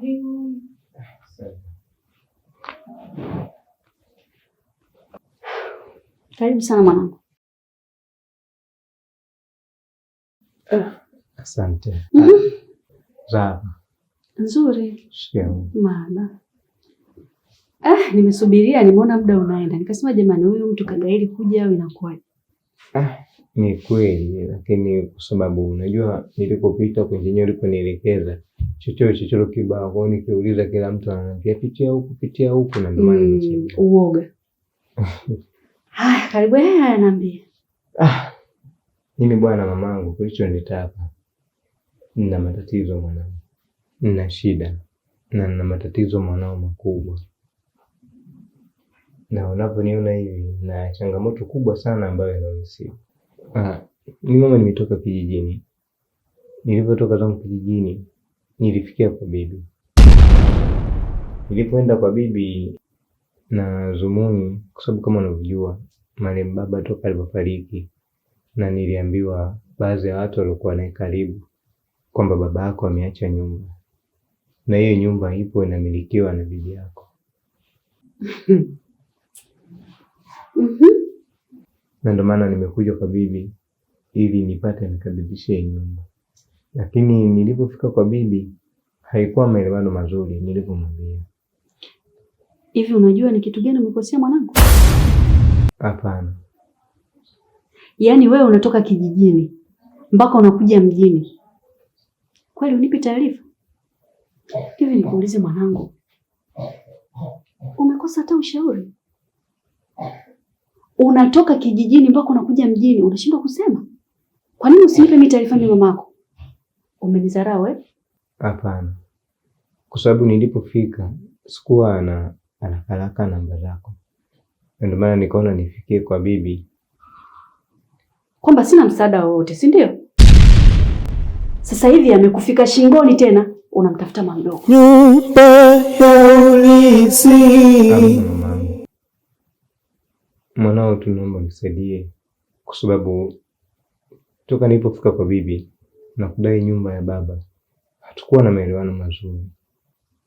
karibu. Karibu sana mwanangu. Asante. Mhm. Raha nzuri maana ah, eh, nimesubiria nimeona muda unaenda, nikasema jamani, huyu mtu kagaili kuja au inakuwaje? Ah, ni kweli, lakini kwa sababu unajua nilipopita kwenye nyumba uliponielekeza chochote chochote kibao. Kwa hiyo nikiuliza, kila mtu ananiambia pitia huku, pitia huku, na ndio maana mm, nicheka. Uoga. Haya, karibu yeye ananiambia. Ah. Mimi bwana, mamangu nitapa, Nina matatizo mwanangu. Nina shida. Na nina matatizo mwanao makubwa. Na unavyoniona hivi na changamoto kubwa sana ambayo inaonisibu. Ah, mimi mama nimetoka kijijini. Nilivyotoka zangu kijijini Nilifikia kwa bibi. Nilipoenda kwa bibi na zumuni, kwa sababu kama unavyojua marehemu baba toka alipofariki, na niliambiwa baadhi ya watu waliokuwa naye karibu kwamba baba yako ameacha nyumba na hiyo nyumba ipo inamilikiwa na bibi yako. Mm-hmm. na ndio maana nimekuja kwa bibi ili nipate nikabibishe nyumba. Lakini nilipofika kwa bibi haikuwa maelewano mazuri nilipomwambia. Hivi unajua ni kitu gani umekosea mwanangu? Hapana. Yaani wewe unatoka kijijini mpaka unakuja mjini, kweli unipi taarifa? Hivi nikuulize mwanangu, umekosa hata ushauri? Unatoka kijijini mpaka unakuja mjini, unashindwa kusema? Kwa nini usinipe mimi taarifa? Mimi mamako Umenizarau eh? Hapana, kwa sababu nilipofika sikuwa ana anakaraka namba zako, ndio maana nikaona nifikie kwa bibi kwamba sina msaada wowote, si ndio? Sasa hivi amekufika shingoni tena unamtafuta mama mdogo. Nyumba ya ulinzi. Mwanao, tunaomba nisaidie, kwa sababu toka nilipofika kwa bibi na kudai nyumba ya baba. Hatukuwa na maelewano mazuri,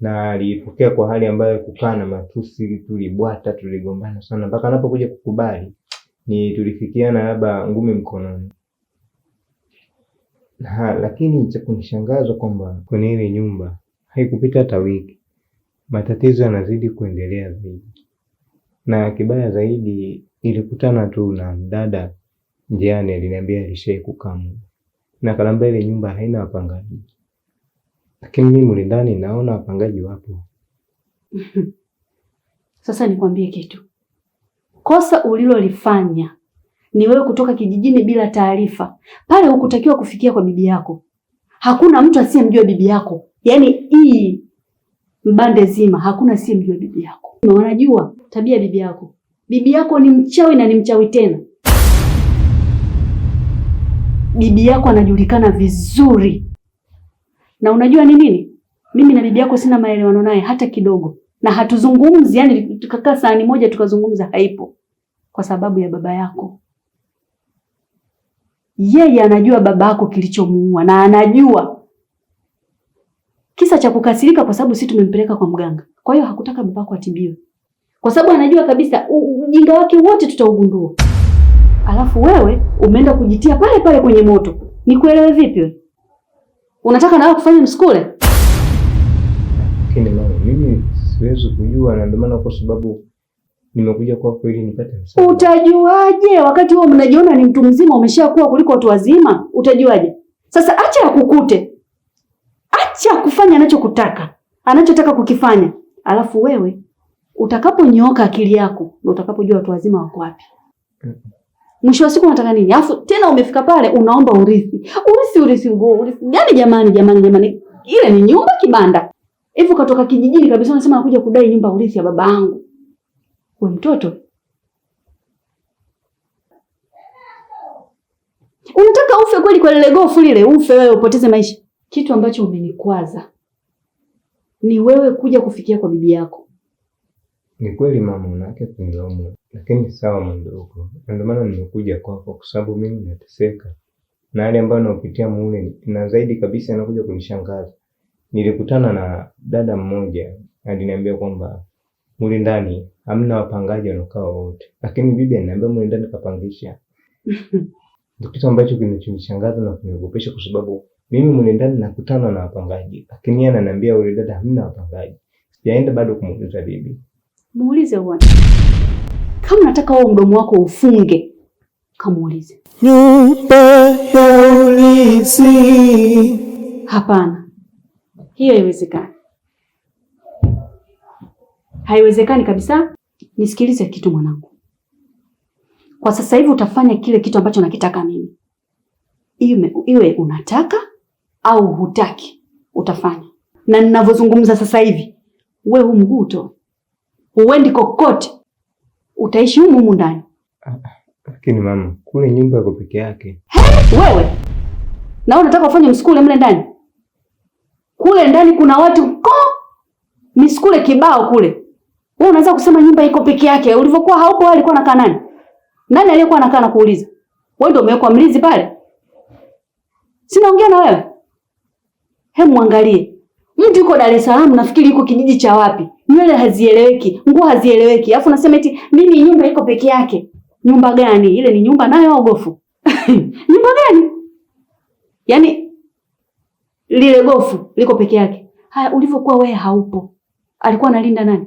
na alipokea kwa hali ambayo kukaa na matusi, tulibwata, tuligombana sana mpaka anapokuja kukubali ni tulifikiana labda ngumi mkononi. Ha, lakini cha kunishangaza kwamba kwenye ile nyumba haikupita hata wiki, matatizo yanazidi kuendelea zaidi, na kibaya zaidi ilikutana tu na dada njiani, aliniambia alishai kukamwa na kanambia ile nyumba haina wapangaji, lakini mimi mli ndani naona wapangaji wapo. Sasa nikwambie kitu, kosa ulilolifanya ni wewe kutoka kijijini bila taarifa. Pale hukutakiwa kufikia kwa bibi yako. Hakuna mtu asiyemjua bibi yako, yaani hii mbande zima hakuna asiyemjua bibi yako. Wanajua tabia bibi yako. Bibi yako ni mchawi na ni mchawi tena bibi yako anajulikana vizuri, na unajua ni nini, mimi na bibi yako sina maelewano naye hata kidogo, na hatuzungumzi yani, tukakaa sahani moja tukazungumza, haipo kwa sababu ya baba yako. Yeye anajua baba yako kilichomuua, na anajua kisa cha kukasirika, kwa sababu si tumempeleka kwa mganga. Kwa hiyo hakutaka baba yako atibiwe, kwa sababu anajua kabisa ujinga wake wote tutaugundua alafu wewe umeenda kujitia pale pale kwenye moto. Nikuelewe vipi Unataka nawe kufanya msukule? Lakini mama, mimi siwezi kujua, na ndio maana kwa sababu nimekuja kwako ili nipate msaada. Utajuaje wakati wewe mnajiona ni mtu mzima umeshakuwa kuliko watu wazima? Utajuaje? Sasa acha akukute, acha kufanya anachokutaka anachotaka kukifanya, alafu wewe utakaponyooka akili yako na utakapojua watu wazima wako wapi. Mwisho wa siku unataka nini? Alafu tena umefika pale unaomba urithi. Urithi, urithi nguo, urithi gani jamani jamani jamani? Ile ni nyumba kibanda. Hivi katoka kijijini kabisa unasema nakuja kudai nyumba urithi ya baba yangu. Wewe mtoto. Unataka ufe kweli kwa lile gofu lile, ufe wewe upoteze maisha. Kitu ambacho umenikwaza ni wewe kuja kufikia kwa bibi yako. Ni kweli mama, unaweza kunilaumu lakini sawa mwandugu, ndio maana nimekuja kwako kwa sababu mimi nateseka. Na hali ambayo napitia mule na zaidi kabisa inakuja kunishangaza. Nilikutana na dada mmoja aliniambia kwamba mule ndani hamna wapangaji wanakaa wote. Lakini bibi ananiambia mule ndani kapangisha. Ndio kitu ambacho kinachonishangaza na kuniogopesha kwa sababu mimi mule ndani nakutana na wapangaji. Lakini yeye ananiambia yule dada hamna wapangaji. Sijaenda bado kumuuliza bibi. Muulize huwa. Kama nataka huo mdomo wako ufunge, kamuulize nyumba ya ulinzi. Hapana, hiyo haiwezekani, haiwezekani kabisa. Nisikilize kitu mwanangu, kwa sasa hivi utafanya kile kitu ambacho nakitaka mimi, iwe, iwe unataka au hutaki, utafanya na ninavyozungumza sasa hivi, we huu mguu uto, uendi kokote utaishi humu humu ndani. Ah, ah, lakini mama, kule nyumba yako peke yake. wewe na wewe unataka ufanye msukule mle ndani? Kule ndani kuna watu ko misukule kibao kule. Wewe unaweza kusema nyumba iko peke yake. Ulivyokuwa haupo wewe alikuwa anakaa nani? Nani aliyekuwa anakaa na kuuliza? Wewe ndio umewekwa mlizi pale. Sinaongea na wewe. Hebu muangalie. Mtu yuko Dar es Salaam nafikiri yuko kijiji cha wapi? nywele hazieleweki, nguo hazieleweki, alafu nasema eti mimi nyumba iko peke yake. Nyumba gani ile? Ni nyumba nayo au gofu? nyumba gani? yani? lile gofu liko peke yake. Haya, ulivyokuwa wewe haupo, alikuwa analinda nani?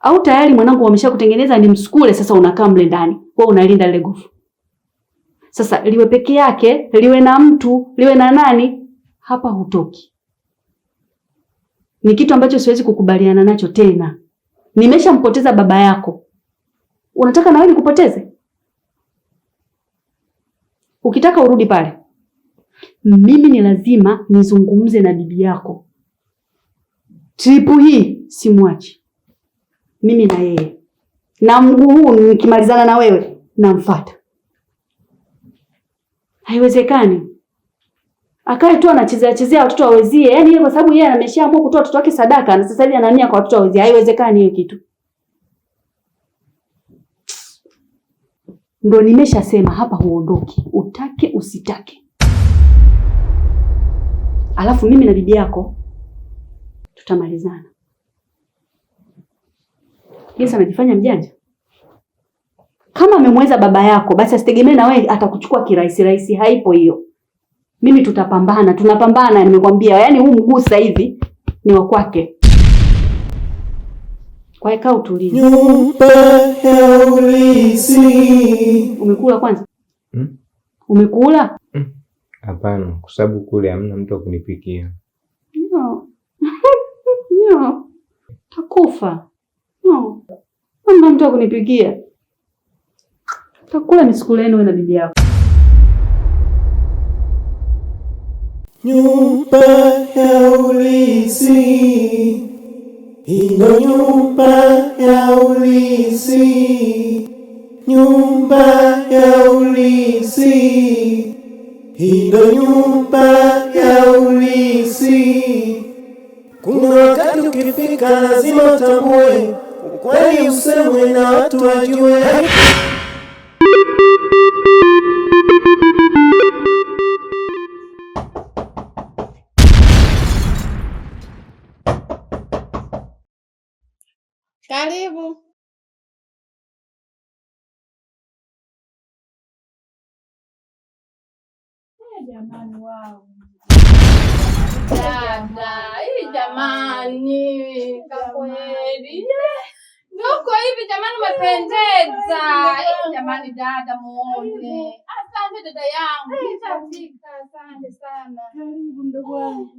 Au tayari mwanangu wameshakutengeneza ni msukule, sasa unakaa mle ndani, wewe unalinda lile gofu. Sasa liwe peke yake, liwe na mtu, liwe na nani, hapa hutoki ni kitu ambacho siwezi kukubaliana nacho tena. Nimeshampoteza baba yako, unataka na wewe nikupoteze? Ukitaka urudi pale, mimi ni lazima nizungumze na bibi yako. Tripu hii simwachi mimi na yeye, na mguu huu nikimalizana na wewe namfuata. Haiwezekani akae tu anachezea chezea watoto wawezie, yaani yeye kwa sababu yeye ameshaamua kutoa watoto wake sadaka na sasa hivi anania kwa watoto wawezie. Haiwezekani hiyo kitu. Ndo nimeshasema hapa, huondoki utake usitake. Alafu mimi na bibi yako tutamalizana. Yesu anajifanya mjanja. Kama amemweza baba yako, basi asitegemee na wewe atakuchukua kirahisi rahisi. Haipo hiyo. Mimi tutapambana, tunapambana, nimekwambia. Yaani huu mguu sasa hivi ni wa kwake. Kwa hiyo kaa utulie. Nipe ulisi. Umekula kwanza? Hmm? Umekula? Hmm. Hapana, hmm. Kwa sababu kule hamna mtu kunipikia. No. no. Takufa. No. Hamna mtu akunipikia. Takula misukuleni wewe na bibi yako. nyumba ya ulisi, ino nyumba ya ulisi, nyumba ya ulisi, ino nyumba ya ulisi. Kuna wakati ukifika lazima utambue ukweli, usemwe na watu wajue. Karibu eh, jamani, wao dada, hii eh, jamani, eh, kwa hivi jamani, umependeza jamani, dada muone. Asante dada yangu, nitafika. Asante sana, karibu ndugu wangu.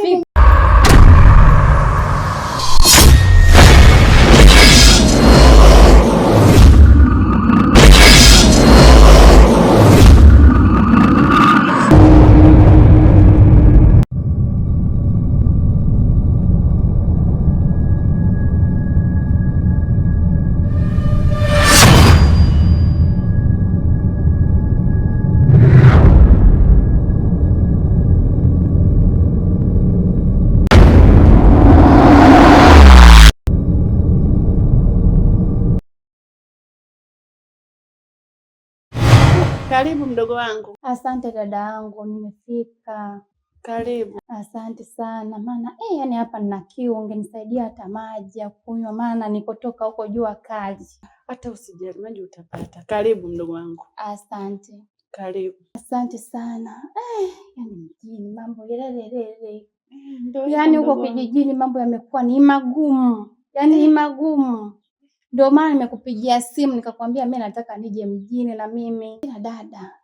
Fica Karibu mdogo wangu. Asante dada yangu, nimefika. Karibu. Asante sana maana eh, yani hapa nina kiu, ungenisaidia hata maji ya kunywa, maana nikotoka huko jua kali. Hata usijali, maji utapata. Karibu mdogo wangu. Asante. Karibu. Asante sana. Eh, yani mjini mambo yelelelele. Yani huko kijijini mambo yamekuwa ni magumu, yani ni eh. magumu ndio maana nimekupigia simu nikakwambia mimi nataka nije mjini na mimi eh, na dada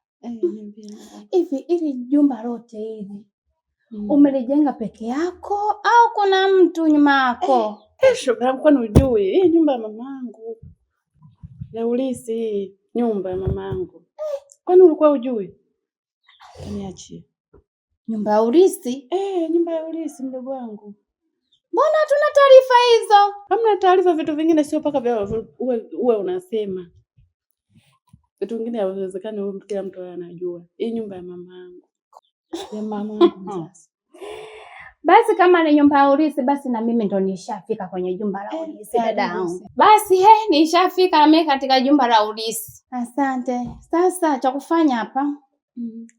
hivi ili jumba lote hivi mm. umelijenga peke yako au kuna mtu nyuma yako? Eh, eh, shoga, kwani ujui hii nyumba ya mamangu ya ulisi, hii nyumba ya mamangu kwani ulikuwa ujui? Niachie nyumba ya ulisi eh, nyumba ya ulisi mdogo wangu Mbona hatuna taarifa hizo? Hamna taarifa, vitu vingine sio mpaka vya uwe unasema vitu vingine haviwezekani, kila mtu anajua. Hii nyumba ya mama yangu ya mama Basi kama ni nyumba ya urithi, basi na mimi ndo nishafika kwenye jumba la eh, urithi dada yangu. Basi he, nishafika na mimi katika jumba la urithi. Asante. Sasa cha kufanya hapa mm -hmm.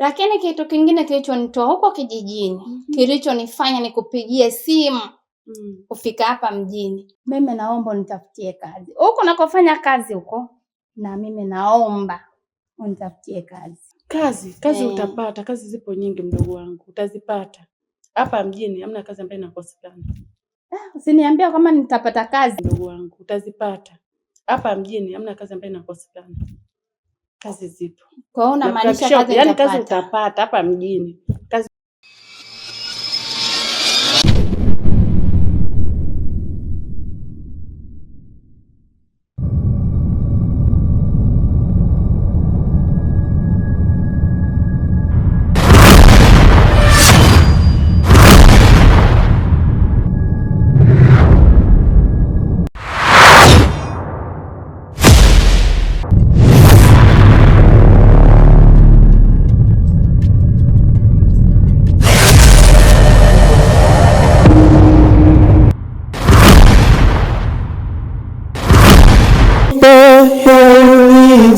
Lakini kitu kingine kilichonitoa huko kijijini mm -hmm. kilichonifanya nikupigie simu mm. kufika hapa mjini, mimi naomba unitafutie kazi huko nakofanya kazi huko, na mimi naomba unitafutie kazi. Kazi kazi hey. Eh. Utapata kazi, zipo nyingi mdogo wangu, utazipata hapa mjini. Hamna kazi ambayo inakosekana. Ah, Usiniambia kama nitapata kazi. Mdogo wangu, utazipata hapa mjini. Hamna kazi ambayo inakosekana kazi zipo. Kwa hiyo unamaanisha kazi yaani utapata hapa mjini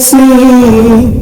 see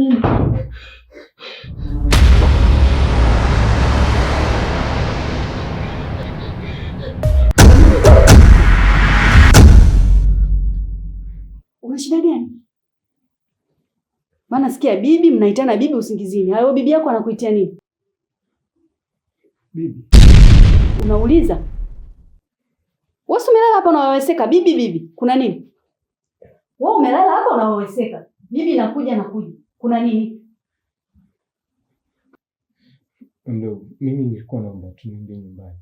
Una shida gani? Maana sikia bibi, mnaitana bibi usingizini. Hayo bibi yako anakuitia nini? Bibi. Unauliza? Wewe umelala hapa unaweweseka bibi bibi. Kuna nini? Wewe umelala hapa unaweweseka. Bibi nakuja nakuja kuna nini? Ndo mimi nilikuwa naomba tuende nyumbani.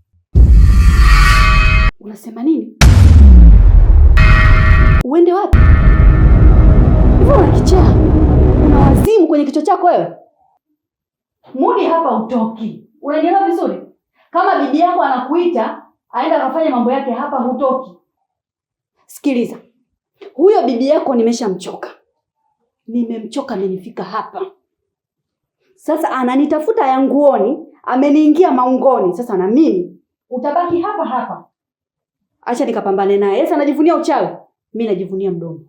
Unasema nini? Uende wapi? Una kichaa, una wazimu kwenye kichwa chako wewe. Mudi hapa utoki. Unaelewa vizuri? Kama bibi yako anakuita aenda akafanya mambo yake hapa, hutoki. Sikiliza, huyo bibi yako nimeshamchoka nimemchoka, amenifika hapa sasa, ananitafuta ya nguoni, ameniingia maungoni. Sasa na mimi utabaki hapa hapa, acha nikapambane naye. Sasa anajivunia uchawi, mi najivunia mdomo.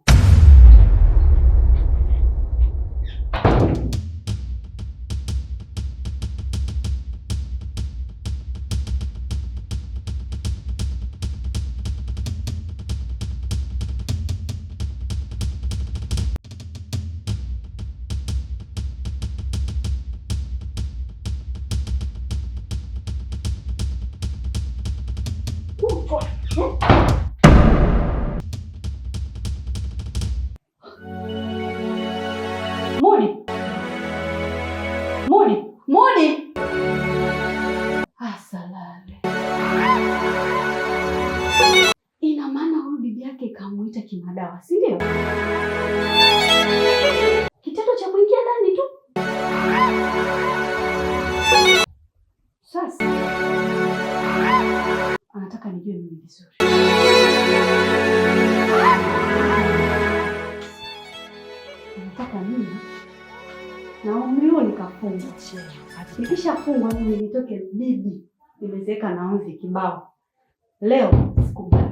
nataka nijue mimi vizuri. Nataka mimi na umri huo nikafungwa, nikishafungwa mimi nitoke bibi, nimezeeka na mvi kibao. Leo sikubali.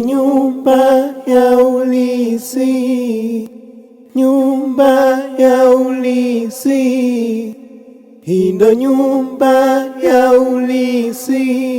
nyumba ya ulisi, nyumba ya ulisi, hii ndo nyumba ya ulisi.